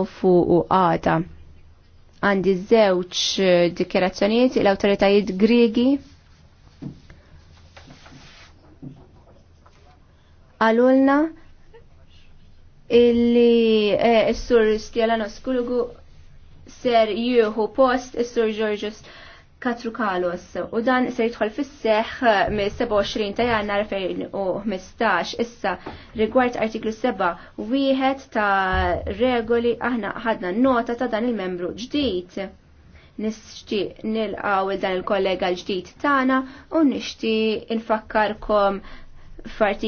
fuq u għada. Għandi zewċ eh, dikjerazzjonijiet l-autoritajiet Griegi għalulna illi eh, s-sur Stjelanos Kulugu ser jieħu post s-sur Georgios Katru Kalos u dan se jidħol fis-seħ eh, mill-27 ta' jannar 2015 issa rigward artiklu 7 wieħed ta' regoli aħna ħadna nota ta' dan il-membru ġdid. Nixtieq nilqaw il dan il-kollega l-ġdid tagħna u nixtieq infakkarkom f'artiklu